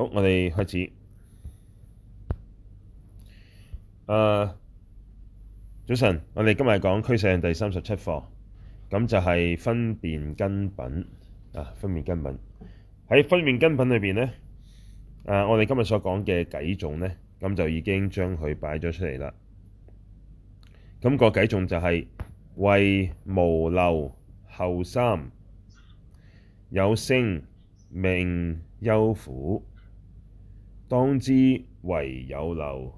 好，我哋開始。誒、uh，早晨，我哋今日講俱舍第三十七課，咁就係分別根品啊！分別根品喺分別根品裏邊咧，誒、uh，我哋今日所講嘅偈頌咧，咁就已經將佢擺咗出嚟啦。咁、那個偈頌就係、是、唯無漏後三有色命憂苦。當知唯有漏，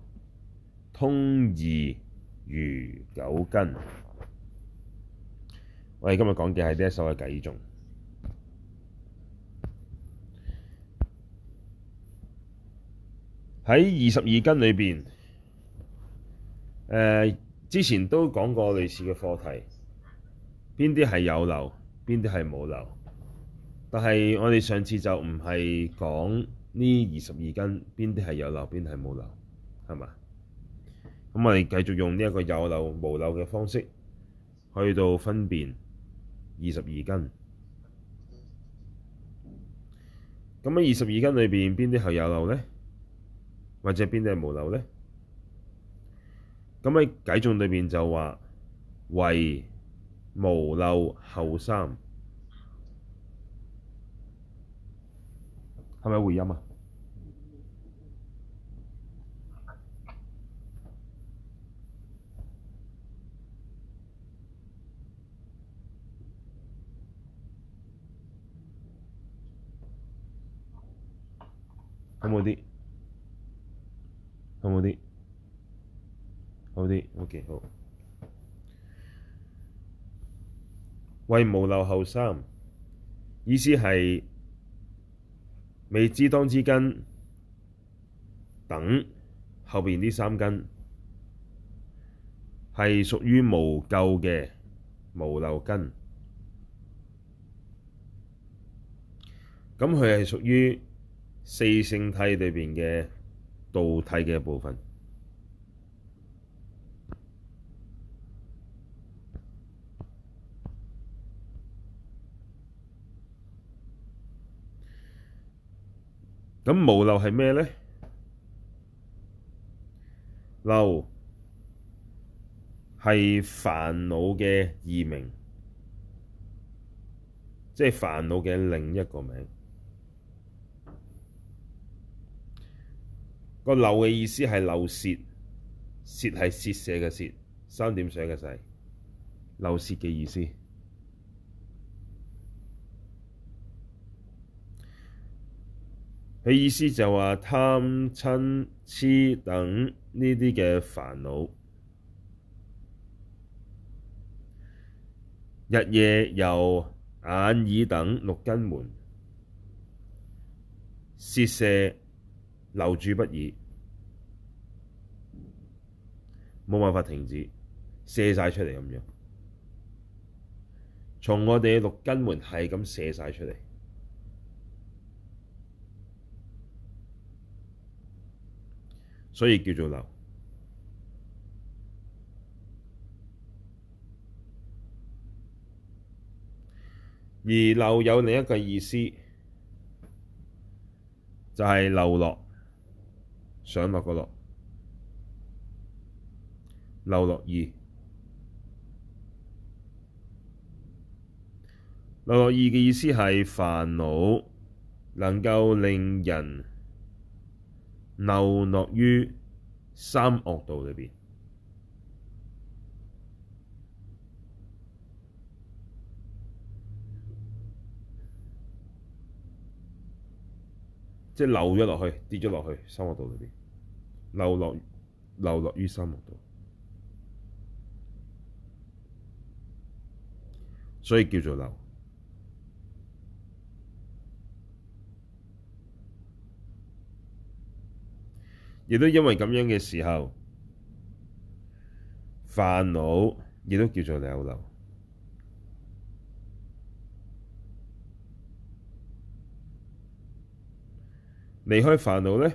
通二餘九根。我哋今日講嘅係呢一首嘅偈中，喺二十二根裏邊，呃，之前都講過類似嘅課題，邊啲係有漏，邊啲係冇漏。但係我哋上次就唔係講。呢二十二根，邊啲係有漏，邊啲係冇漏，係嘛？咁我哋繼續用呢一個有漏冇漏嘅方式，去到分辨二十二根。咁喺二十二根裏邊，邊啲係有漏咧？或者邊啲係冇漏咧？咁喺偈頌裏邊就話，唯無漏後三。係咪回音呀？好唔好啲？好唔好啲？好啲，OK，好。唯無漏後三，意思係。未知當知根等後邊呢三根係屬於無垢嘅無漏根，咁佢係屬於四聖諦裏邊嘅道諦嘅部分。咁無漏係咩咧？漏係煩惱嘅異名，即係煩惱嘅另一個名。個漏嘅意思係漏泄，泄係泄瀉嘅泄，三點水嘅泄。漏泄嘅意思。佢意思就話貪嗔痴等呢啲嘅煩惱，日夜由眼耳等六根門洩射，流注不已，冇辦法停止，射晒出嚟咁樣，從我哋嘅六根門係咁射晒出嚟。所以叫做漏，而漏有另一個意思，就係、是、漏落，上落個落，漏落意。「漏落意嘅意思係煩惱能夠令人漏落於三惡道裏邊，即係漏咗落去，跌咗落去三惡道裏邊，漏落，漏落於三惡道，所以叫做漏。亦都因為咁樣嘅時候煩惱，亦都叫做有漏。離開煩惱呢，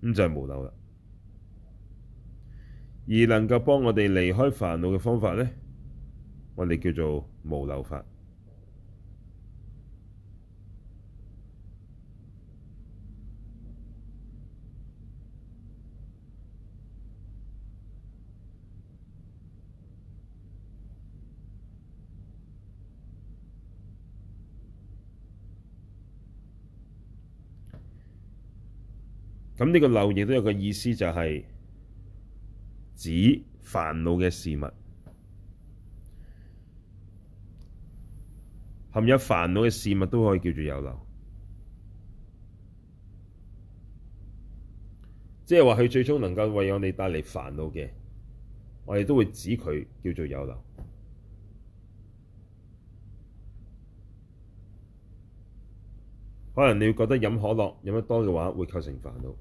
咁就係無漏啦。而能夠幫我哋離開煩惱嘅方法呢，我哋叫做無漏法。咁呢個漏亦都有個意思，就係指煩惱嘅事物，含有煩惱嘅事物都可以叫做有漏，即係話佢最終能夠為我哋帶嚟煩惱嘅，我哋都會指佢叫做有漏。可能你會覺得飲可樂飲得多嘅話，會構成煩惱。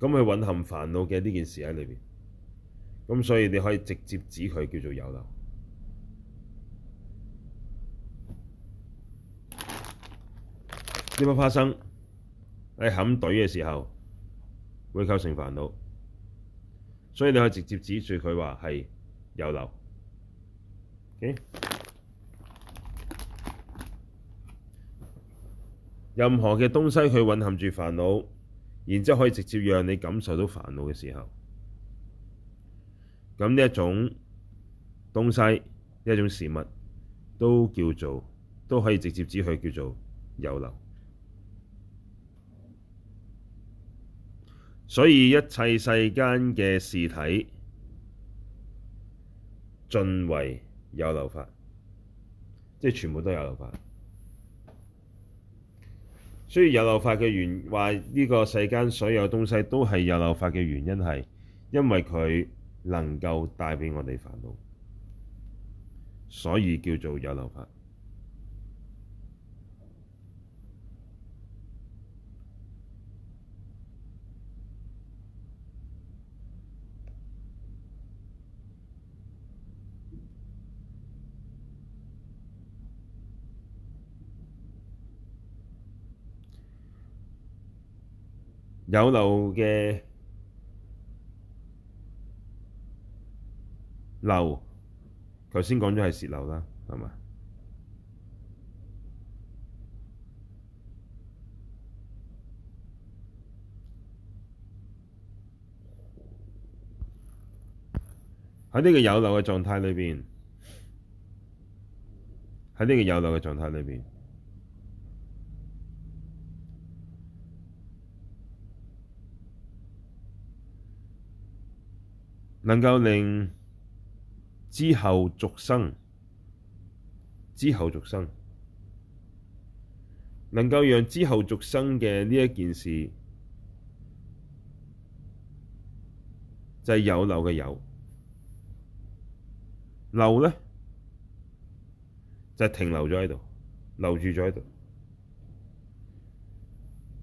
咁去蘊含煩惱嘅呢件事喺裏邊，咁所以你可以直接指佢叫做有漏。呢個 花生喺揾隊嘅時候會構成煩惱，所以你可以直接指住佢話係有漏。Okay? 任何嘅東西佢蘊含住煩惱。然之後可以直接讓你感受到煩惱嘅時候，咁呢一種東西、呢一種事物，都叫做，都可以直接指佢叫做有漏。所以一切世間嘅事體，盡為有漏法，即全部都有漏法。所以有漏法嘅原因，話呢個世間所有東西都係有漏法嘅原因係，因為佢能夠帶俾我哋煩惱，所以叫做有漏法。有漏嘅漏，頭先講咗係洩漏啦，係咪？喺呢個有漏嘅狀態裏邊，喺呢個有漏嘅狀態裏邊。能夠令之後續生，之後續生，能夠讓之後續生嘅呢一件事就係有漏嘅。有漏咧，就係留留呢就係、停留咗喺度，留住咗喺度，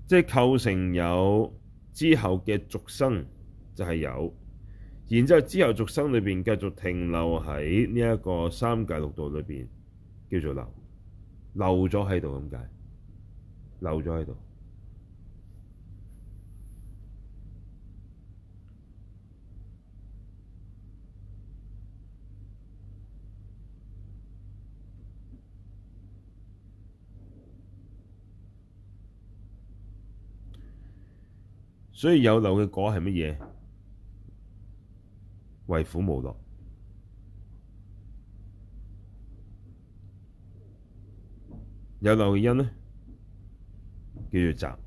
即係構成有之後嘅續生就係、係、有，然之後之後，俗生裏邊繼續停留喺呢一個三界六道裏邊，叫做漏，漏咗喺度咁解，漏咗喺度。所以有漏嘅果係乜嘢？為苦無樂，有漏因咧，叫做集。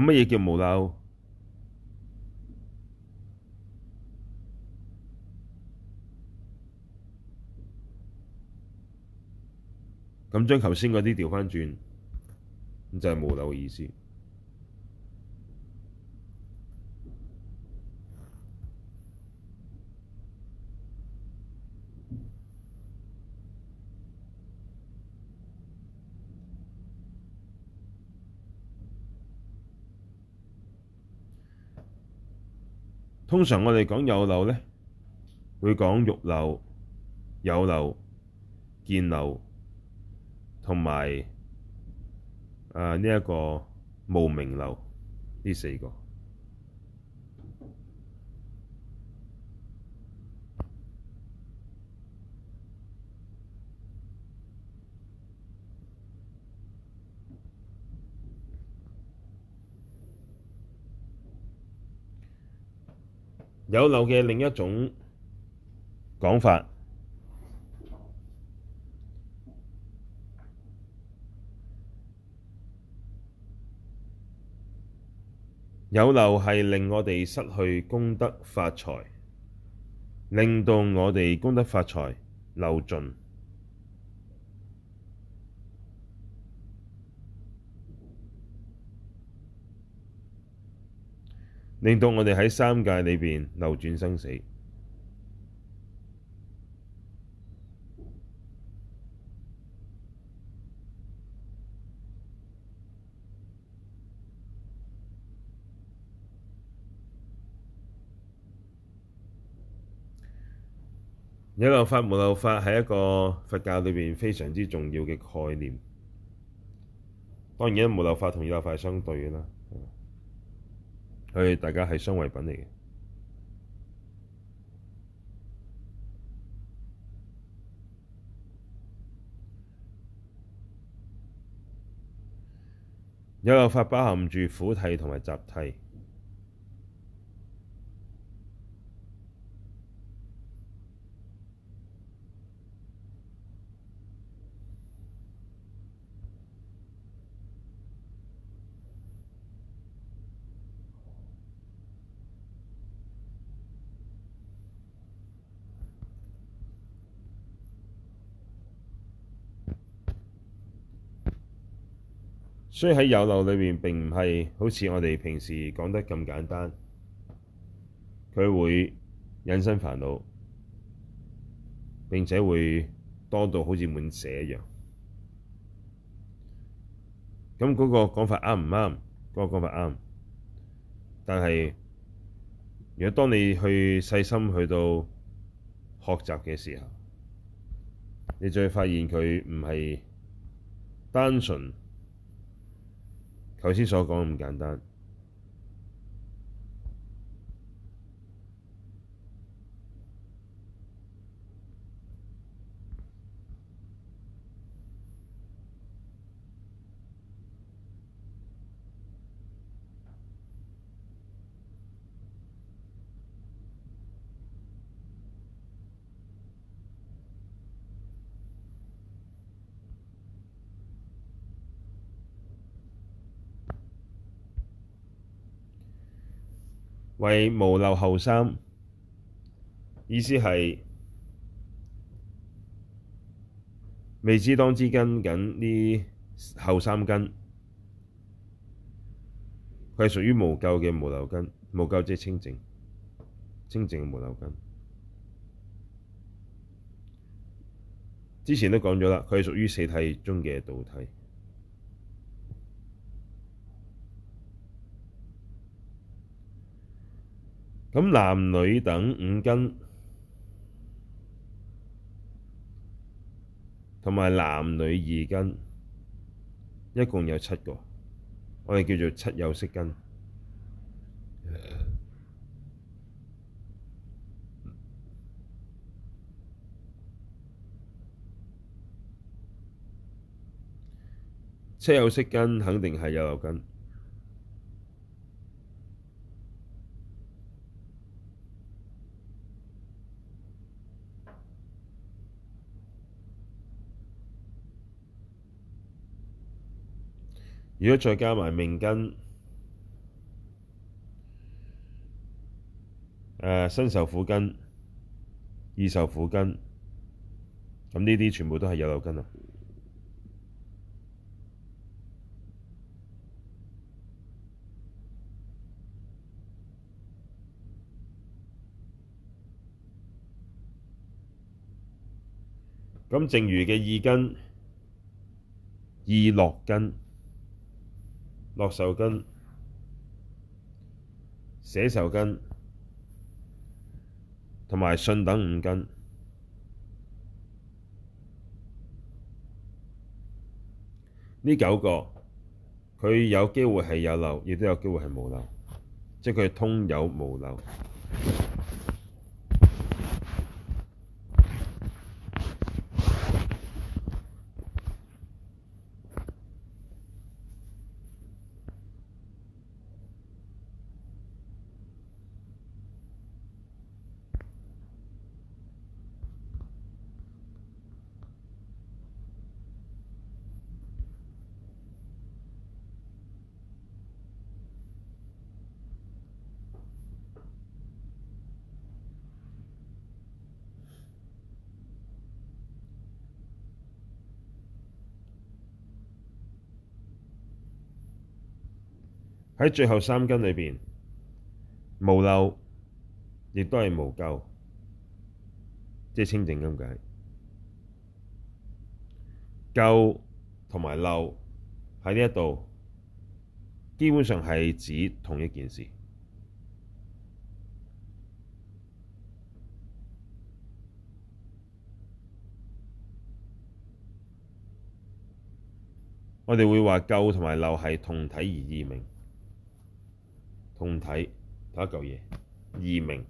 乜嘢叫無漏？咁將頭先嗰啲調返轉，咁就係無漏嘅意思。通常我哋講有漏咧，會講欲漏、有漏、見漏同埋啊呢一、這個無明漏呢四個。有漏嘅另一種講法，有漏係令我哋失去功德法財，令到我哋功德法財漏盡。令到我哋喺三界裏邊流轉生死。有漏 法無漏法係一個佛教裏面非常之重要嘅概念。當然，無漏法同有漏法係相對啦。佢哋大家係相違品嚟嘅，有漏法包含住苦諦同埋集諦。所以喺有漏裏面並唔係好似我哋平時講得咁簡單，佢會引生煩惱，並且會多到好似滿瀉一樣。咁嗰個講法啱唔啱？嗰個講法啱。但係如果當你去細心去到學習嘅時候，你就會發現佢唔係單純。頭先所講唔簡單。唯無漏後三，意思係未知當知根緊呢後三根，佢係屬於無垢嘅無漏根，無垢即清淨，清淨嘅無漏根。之前都講咗啦，佢係屬於四諦中嘅道諦。咁眼等五根，同埋男女二根，一共有七個，我哋叫做七有色根。Yeah. 七有色根肯定係有漏根。如果再加埋命根、誒身受苦根、意受苦根，咁呢啲全部都係有漏根啊。咁，剩餘嘅意根、意樂根、樂受根、喜受根同埋信等五根，呢九個佢有機會係有漏，亦都有機會係冇漏，即係佢通有冇漏。喺最後三根裏邊，無漏亦都係無垢，即係清淨咁解。垢同埋漏喺呢一度基本上係指同一件事。我哋會話垢同埋漏係同體而異名。同體，同一嚿嘢，異名，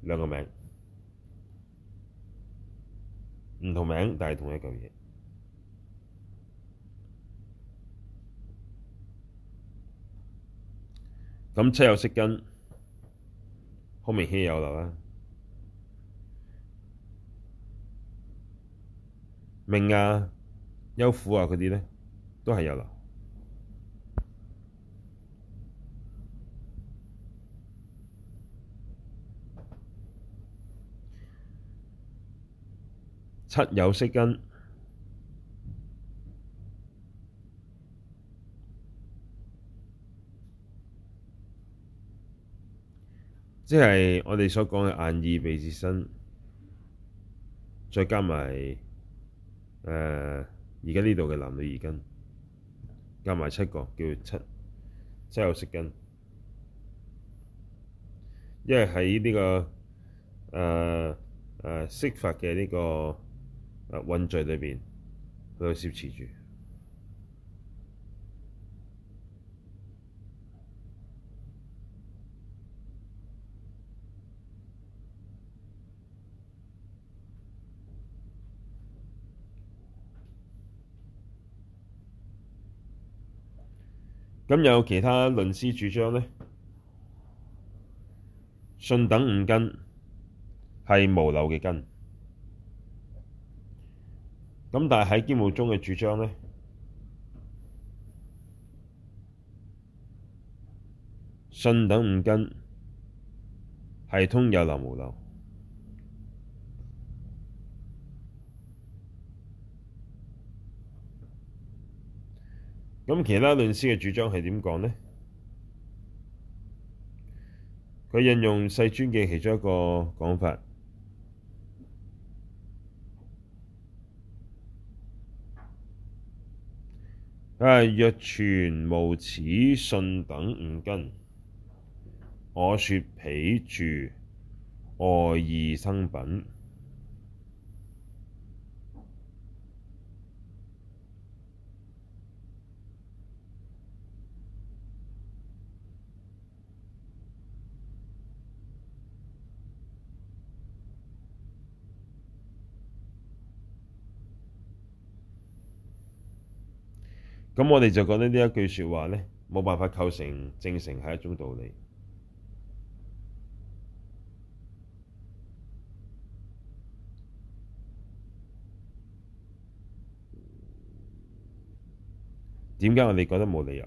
兩個名，唔同名但係同一嚿嘢。咁七有色根，好明顯有漏啦。命啊，憂苦啊嗰啲呢，都係有漏。七有色根，即係我哋所講嘅眼耳鼻舌身，再加埋誒而家呢度嘅男女二根，加埋七個叫七七有色根，因為喺呢個誒誒色法嘅呢個。啊！混罪裡面在裏邊，佢攝持住。咁有其他論師主張呢？信等五根係無漏嘅根。咁但係喺兼務中嘅主張呢，「信等五根，係通有漏無漏。」咁其他論師嘅主張係點講呢？佢引用世尊嘅其中一個講法。若全無此信等五根，我説彼住外異生品。咁我哋就覺得呢一句説話咧，冇辦法構成誠證係一種道理。點解我哋覺得冇理由？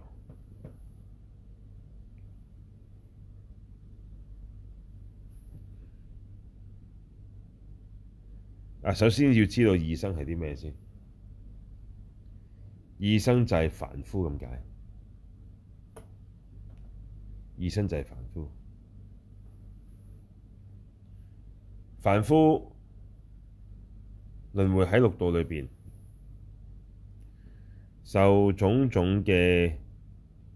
啊，首先要知道異生係啲咩先。異生就係凡夫咁解，異生就係凡夫，凡夫輪迴喺六道裏邊，受種種嘅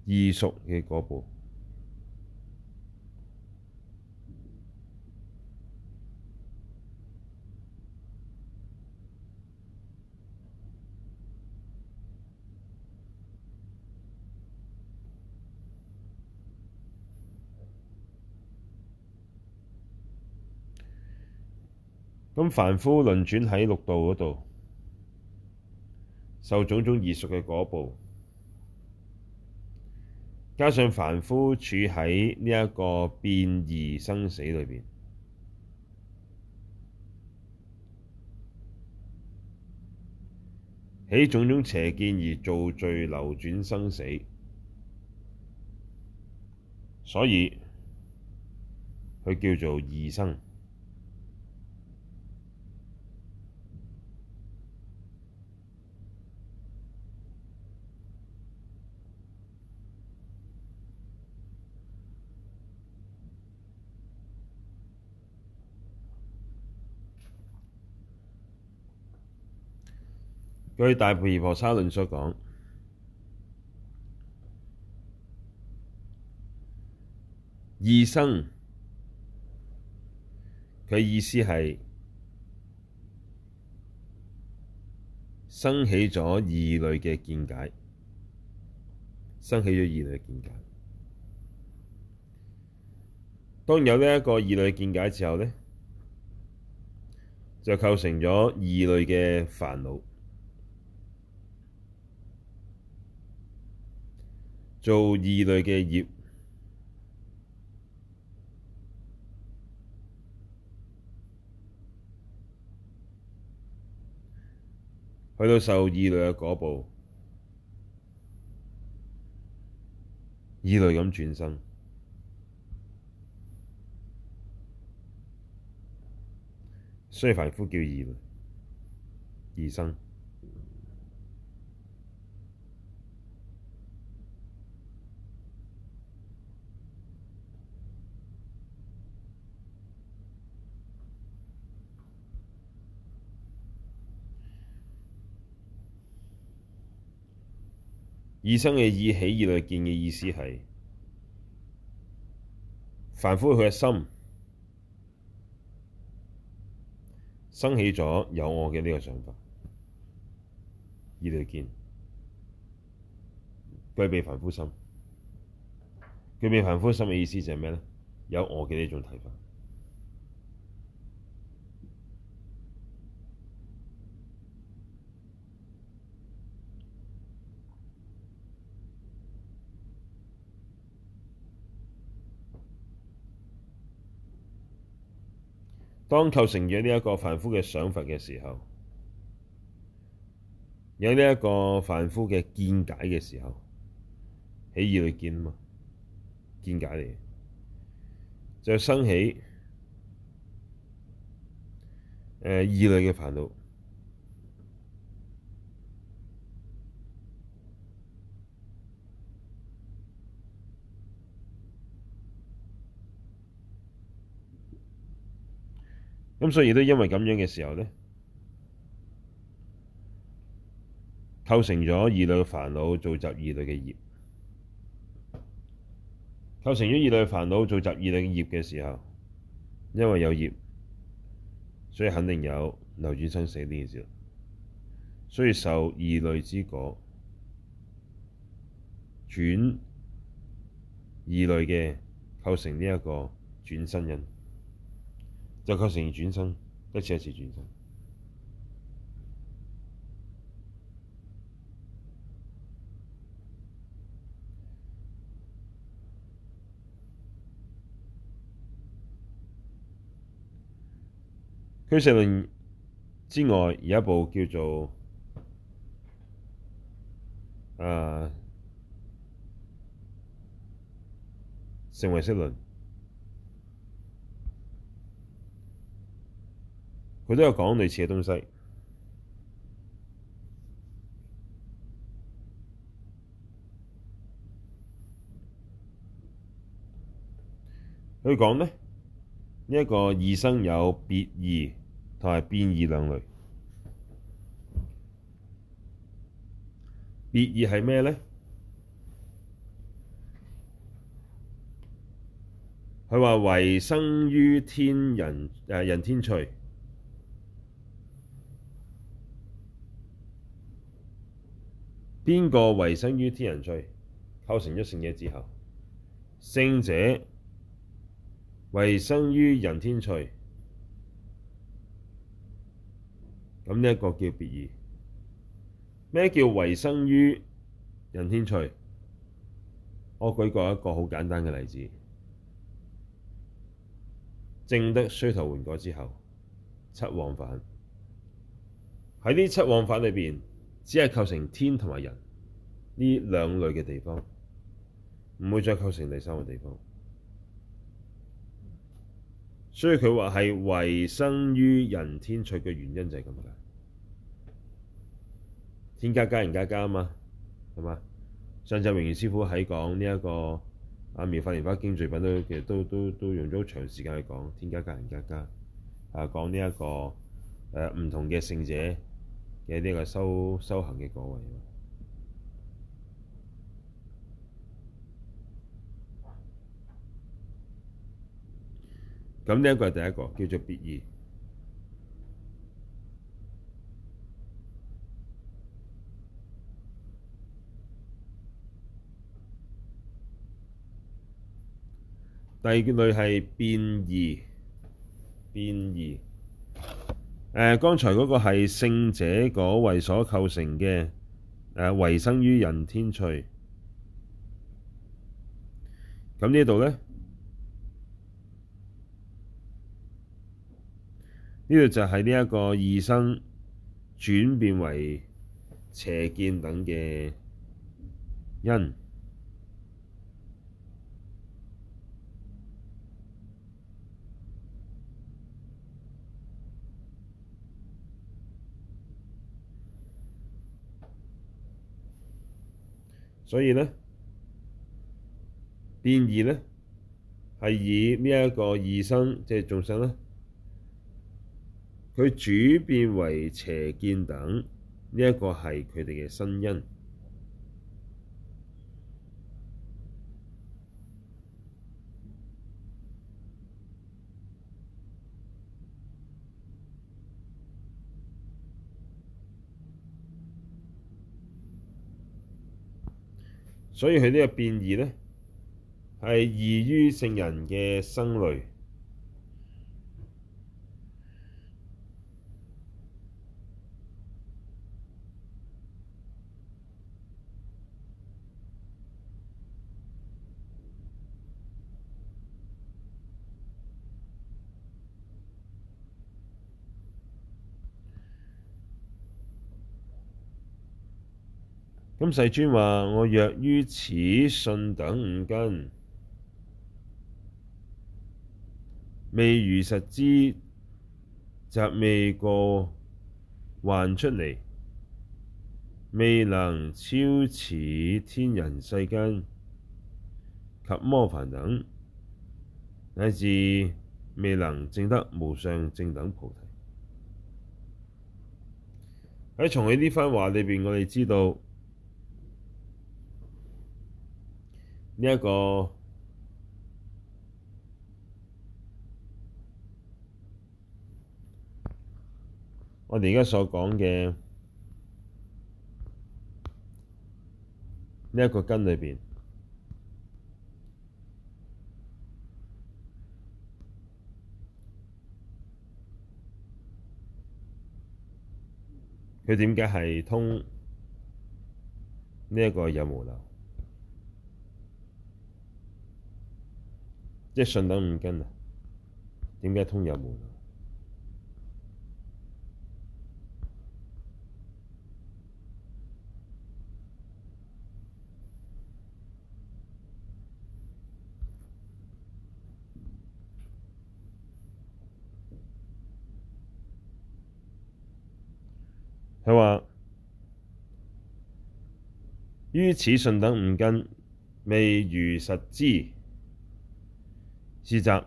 異熟嘅果報。咁凡夫輪轉喺六道嗰度，受種種異熟嘅果報，加上凡夫處喺呢一個變異生死裏邊，起種種邪見而造罪，流轉生死，所以佢叫做異生。據大毘婆沙論所講，異生佢意思係生起咗異類嘅見解，生起咗異類嘅見解。當有呢一個異類見解之後咧，就構成咗異類嘅煩惱。做異類嘅業，去到受異類嘅果報，異類咁轉生，所以凡夫叫異類異生。異生嘅意，起異類見嘅意思係，凡夫佢嘅心生起咗有我嘅呢個想法，異類見，具備凡夫心。具備凡夫心嘅意思就係咩咧？有我嘅呢種睇法。當構成咗呢一個凡夫嘅想法嘅時候，有呢一個凡夫嘅見解嘅時候，起異類見啊嘛，見解嚟嘅，就生起誒異類嘅煩惱。咁所以都因為咁樣嘅時候呢，構成咗異類嘅煩惱，造集異類嘅業，構成咗異類煩惱，造集異類嘅業嘅時候，因為有業，所以肯定有流轉生死呢件事，所以受異類之果，轉異類嘅構成呢一個轉生人。佢成日轉身，一次一次轉身。俱舍論之外，有一部叫做誒成實佢都有講類似嘅東西呢。佢講咧呢一個異生有別異同係變異兩類。別異係咩呢？佢話唯生於天人誒、啊、人天趣。邊個唯生於天人趣，構成咗聖者之後，聖者唯生於人天趣，咁呢一個叫別異。咩叫唯生於人天趣？我舉過一個好簡單嘅例子：正德衰徒換過之後，七往返喺呢七往返裏邊。只係構成天同埋人呢兩類嘅地方，唔會再構成第三個地方。所以佢話係唯生於人天趣嘅原因就係咁解。天加加人加加嘛，係嘛？上集榮義師傅喺講呢一個阿妙法蓮華經序品都其實都都都用咗好長時間去講天加加人加加啊，講呢一個誒唔、呃、同嘅聖者。有啲嘅修修行嘅果位，咁呢一個係第一個叫做別異，第二類係變異，變異。誒、呃，剛才嗰個係聖者嗰位所構成嘅誒，唯、呃、生於人天趣。咁呢度呢，呢度就係呢一個異生轉變為邪見等嘅因。所以呢，變異呢，係以呢一個異生，即係眾生啦，佢主變為邪見等呢一個係佢哋嘅身因。所以佢呢個變異呢，係異於聖人嘅生類。咁世尊話：我若於此信等五根未如實知，則未過患出離，未能超此天人世間及魔梵等，乃至未能證得無上正等菩提。喺從佢呢番話裏邊，我哋知道。呢一個，我哋而家所講嘅呢一個根裏邊，佢點解係通呢一個有無漏？即信等五根啊？點解通入門啊？佢話：於此信等五根未如實知。自責，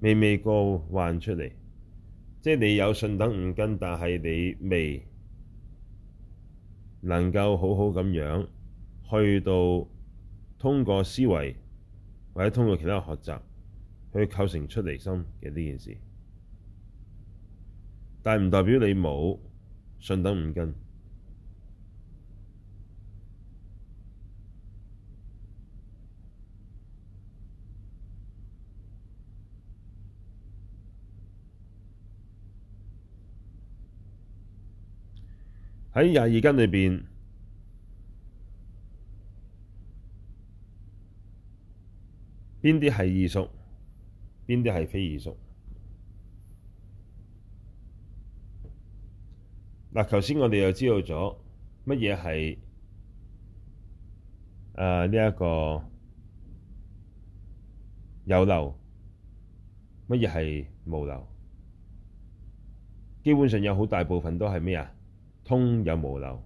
未未過患出離。即係你有信等五根，但係你未能夠好好咁樣去到通過思維或者通過其他學習去構成出離心嘅呢件事，但唔代表你冇信等五根。喺廿二根裏邊，邊啲係異熟，邊啲係非異熟？嗱，頭先我哋又知道咗乜嘢係啊？呢一、呃這個有漏，乜嘢係無漏？基本上有好大部分都係咩啊？通有無漏？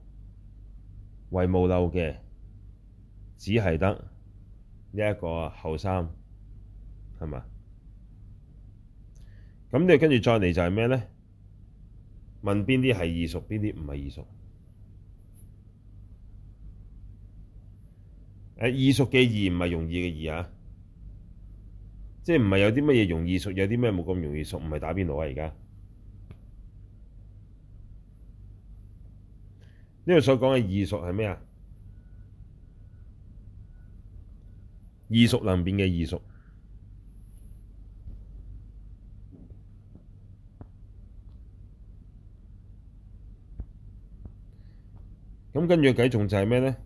唯無漏嘅，只係得呢一個後三，係嘛？咁你跟住再嚟就係咩咧？問邊啲係異熟，邊啲唔係異熟？誒，異熟嘅異唔係容易嘅易啊？即係唔係有啲乜嘢容易熟，有啲咩冇咁容易熟？唔係打邊爐啊，而家？呢度所講嘅異熟係咩啊？異熟能變嘅異熟，咁跟住嘅偈頌就係咩咧？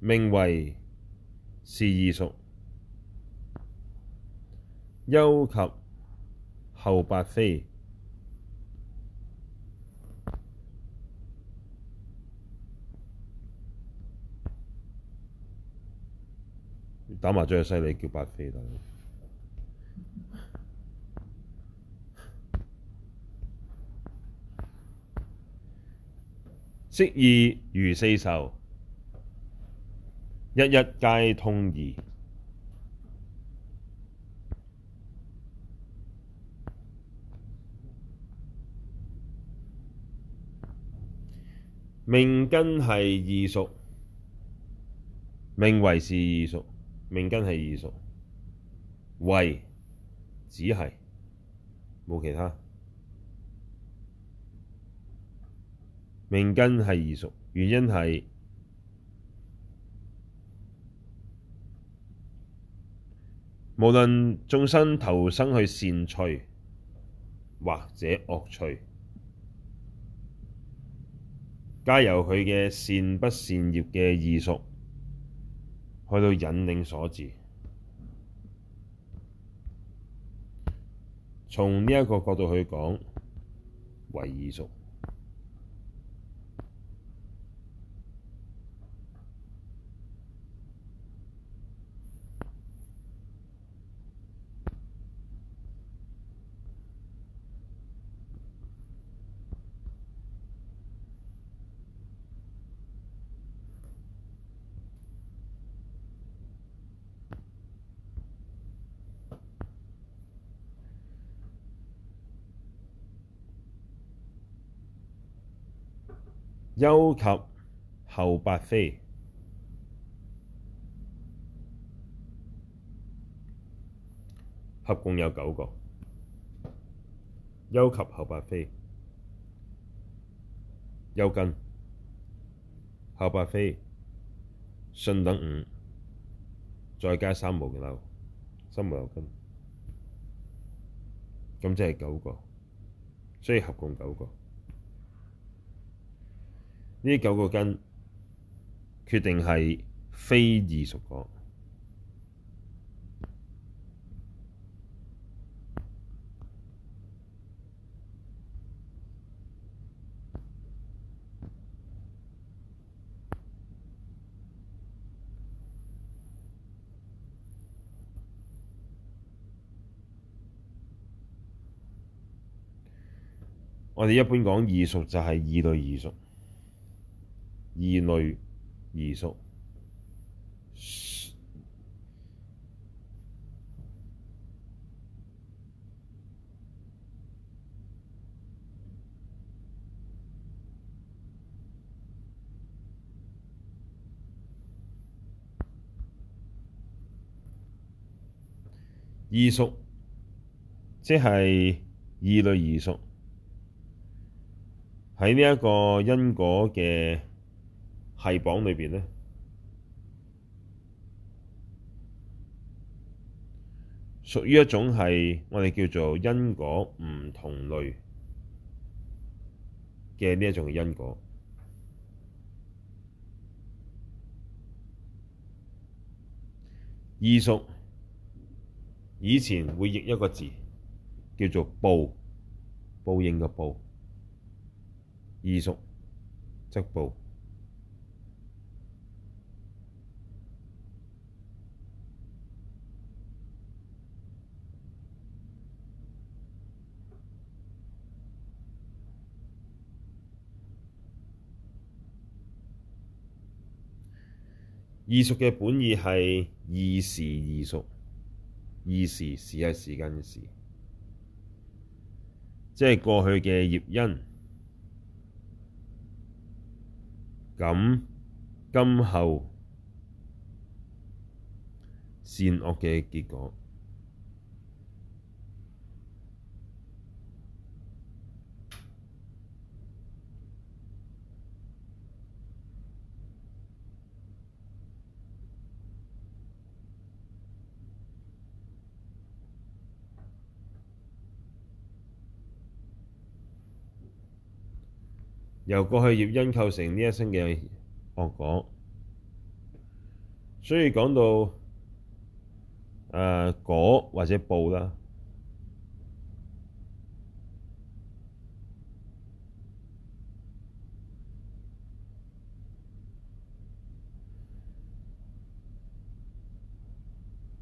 命唯是異熟，憂及後八非。打麻將又犀利，叫八飛等。色意 餘四受，一一皆通二。命根係異熟，命唯是異熟。命根係異熟，唯只係冇其他。命根係異熟，原因係無論眾生投生去善趣或者惡趣，皆由佢嘅善不善業嘅異熟。去到引領所致，從呢一個角度去講，唯異熟。憂及後八非，合共有九個。憂及後八非，憂根後八非，信等五，再加三無漏，三無漏根。咁即係九個，所以合共九個。呢九個根決定係非異熟果。我哋一般講異熟就係二類異熟。二累二熟，二熟即係二累二熟，喺呢一個因果嘅。係榜裏邊呢，屬於一種係我哋叫做因果唔同類嘅呢一種因果。異熟以前會譯一個字叫做報報應嘅報，異熟即報。異熟嘅本意係異時異熟，異時，時係時間嘅時，即係過去嘅業因，咁今後善惡嘅結果。由過去業因構成呢一生嘅惡果，所以講到誒、呃、果或者報啦。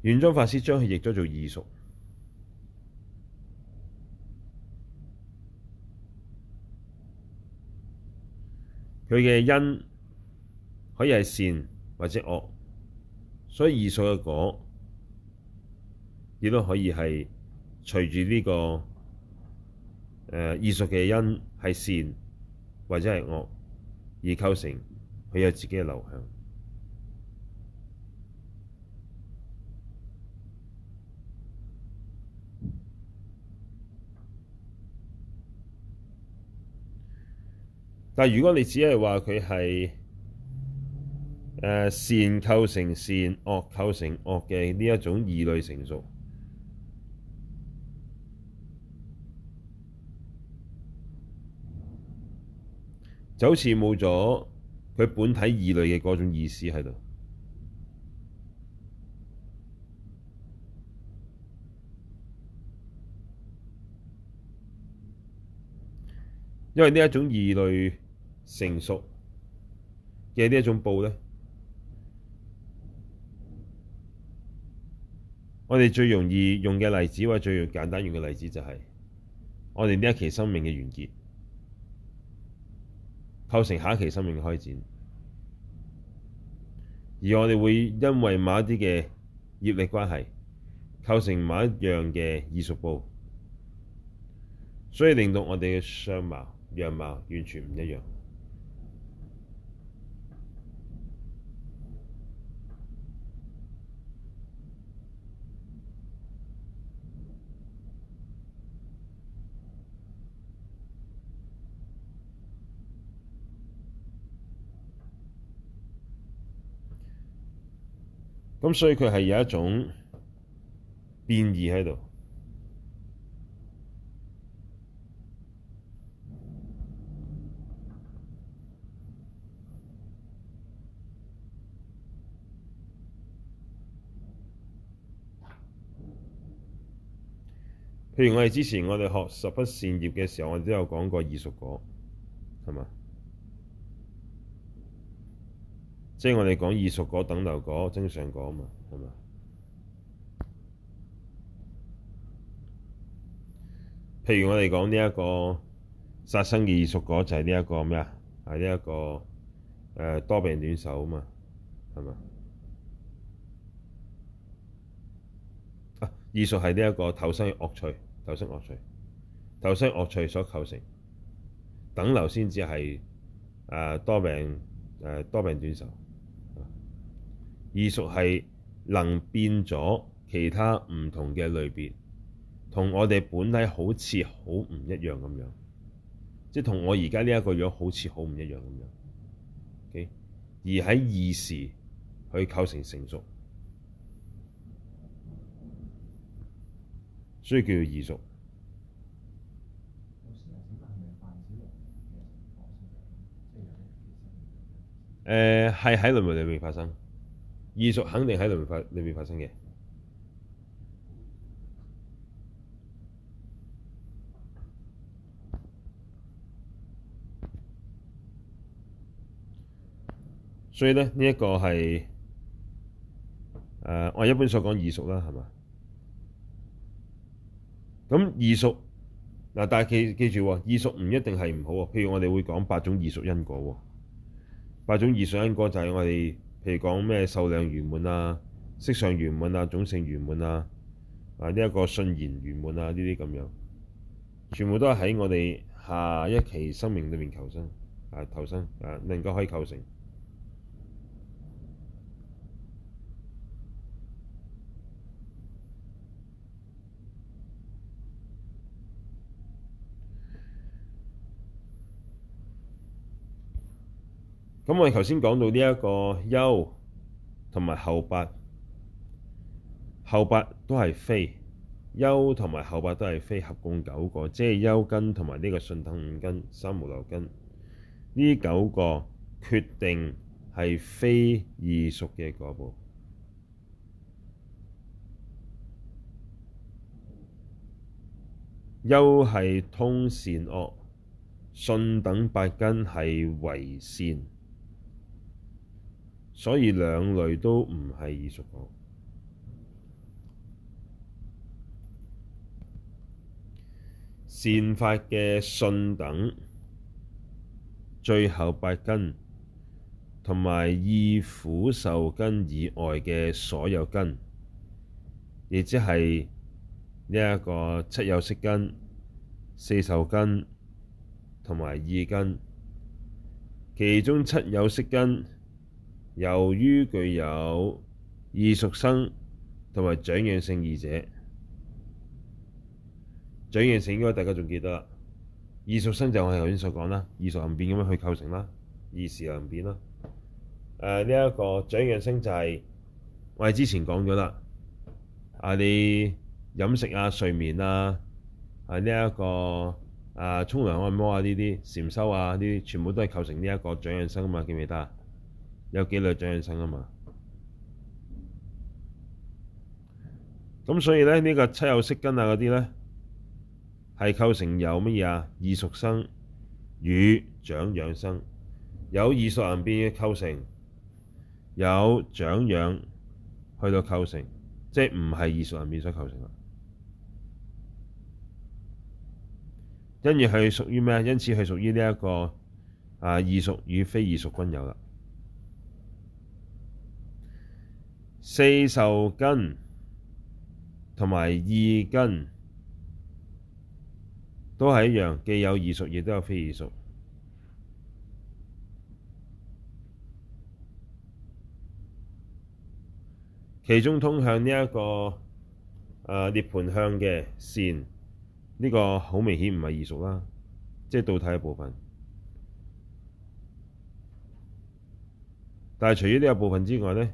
玄奘法師將佢譯咗做異熟。佢嘅因可以係善或者惡，所以異熟嘅果亦都可以係隨住呢個誒異熟嘅因係善或者係惡而構成，佢有自己嘅流向。但如果你只係話佢係善構成善，惡構成惡嘅呢一種異類成熟，就好似冇咗佢本體異類嘅嗰種意思喺度，因為呢一種異類成熟嘅呢一種報咧，我哋最容易用嘅例子，或者最要簡單用嘅例子，就是，就係我哋呢一期生命嘅完結構成下一期生命嘅開展，而我哋會因為某一啲嘅業力關係構成某一樣嘅異熟報，所以令到我哋嘅相貌樣貌完全唔一樣。咁、嗯、所以佢係有一種變異喺度，譬如我哋之前我哋學十不善業嘅時候，我哋都有講過異熟果，係咪？即係我哋講異熟果、等流果、增上果嘛，係嘛？譬如我哋講呢一個殺生異熟果就、這個，就係呢一個咩啊？係呢一個誒多病短壽啊嘛，係嘛？啊，異熟係呢一個投生惡趣，投生惡趣，投生惡趣所構成，等流先至係誒多病誒、呃、多病短壽。異熟係能變咗其他唔同嘅類別，同我哋本體好似好唔一樣咁樣，即係同我而家呢一個樣好似好唔一樣咁樣。Okay? 而喺異時去構成成熟，所以叫異熟。誒，係喺輪迴裏面發生。異熟肯定喺裏面發生嘅，所以呢，呢、這、一個係誒、呃、我一般所講異熟啦，係嘛？咁異熟嗱，但係記，記住住異熟唔一定係唔好，譬如我哋會講八種異熟因果，八種異熟因果就係我哋。譬如講咩壽量圓滿啊、色相圓滿啊、種性圓滿啊、啊呢一、這個信言圓滿啊呢啲咁樣，全部都喺我哋下一期生命裏面求生啊求生啊能夠可以構成。咁我哋頭先講到呢、這、一個憂同埋後八後八都係非憂同埋後八都係非合共九個，即係憂根同埋呢個信等五根三無漏根呢九個決定係非異熟嘅嗰部憂係通善惡，信等八根係為善。所以兩類都唔係異熟果。善法嘅信等，最後八根同埋二苦受根以外嘅所有根，亦即係呢一個七有色根、四受根同埋二根，其中七有色根，由於具有異熟生同埋長養性二者，長養性應該大家仲記得啦。異熟生就我哋頭先所講啦，異常唔變咁樣去構成啦，異時又唔變啦。誒呢一個長養性就係、是、我哋之前講咗啦，啊、呃、啲飲食啊、睡眠啊，啊呢一、這個啊沖涼按摩啊呢啲禪修啊呢啲，全部都係構成呢一個長養生啊嘛，記唔記得啊？有幾類長養生啊嘛？咁所以呢，呢、呢個七有色根啊嗰啲呢，係構成有乜嘢啊？異熟生與長養生，有異熟人變嘅構成，有長養去到構成，即係唔係異熟人變所構成啦？因而係屬於咩？因此係屬於呢一個啊，異熟與非異熟均有啦。四受根同埋二根都係一樣，既有異熟，亦都有非異熟。其中通向呢、這、一個誒涅、呃、槃向嘅線，呢、這個好明顯唔係異熟啦，即係道諦嘅部分。但係除咗呢個部分之外咧。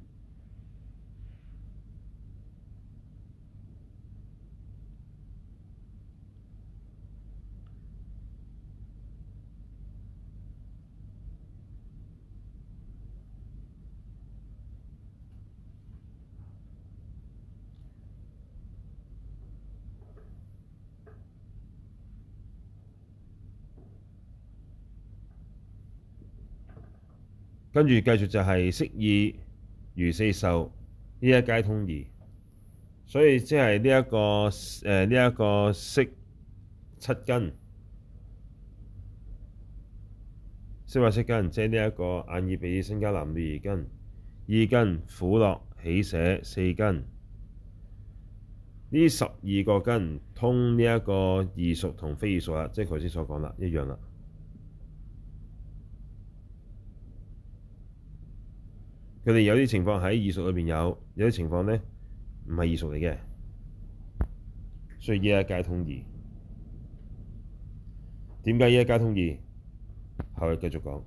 跟住繼續就係色意餘四受呢一皆通二，所以即係呢一個誒呢、呃、一個色七根色話色根，即係呢一個眼耳鼻舌身加男女二根，意根苦樂喜捨四根，呢十二個根通呢一個異熟同非異熟啦，即係頭先所講啦，一樣啦。佢哋有啲情況喺異熟裏面有，有啲情況咧唔係異熟嚟嘅，所以一一皆通二。點解一一皆通二？後日繼續講。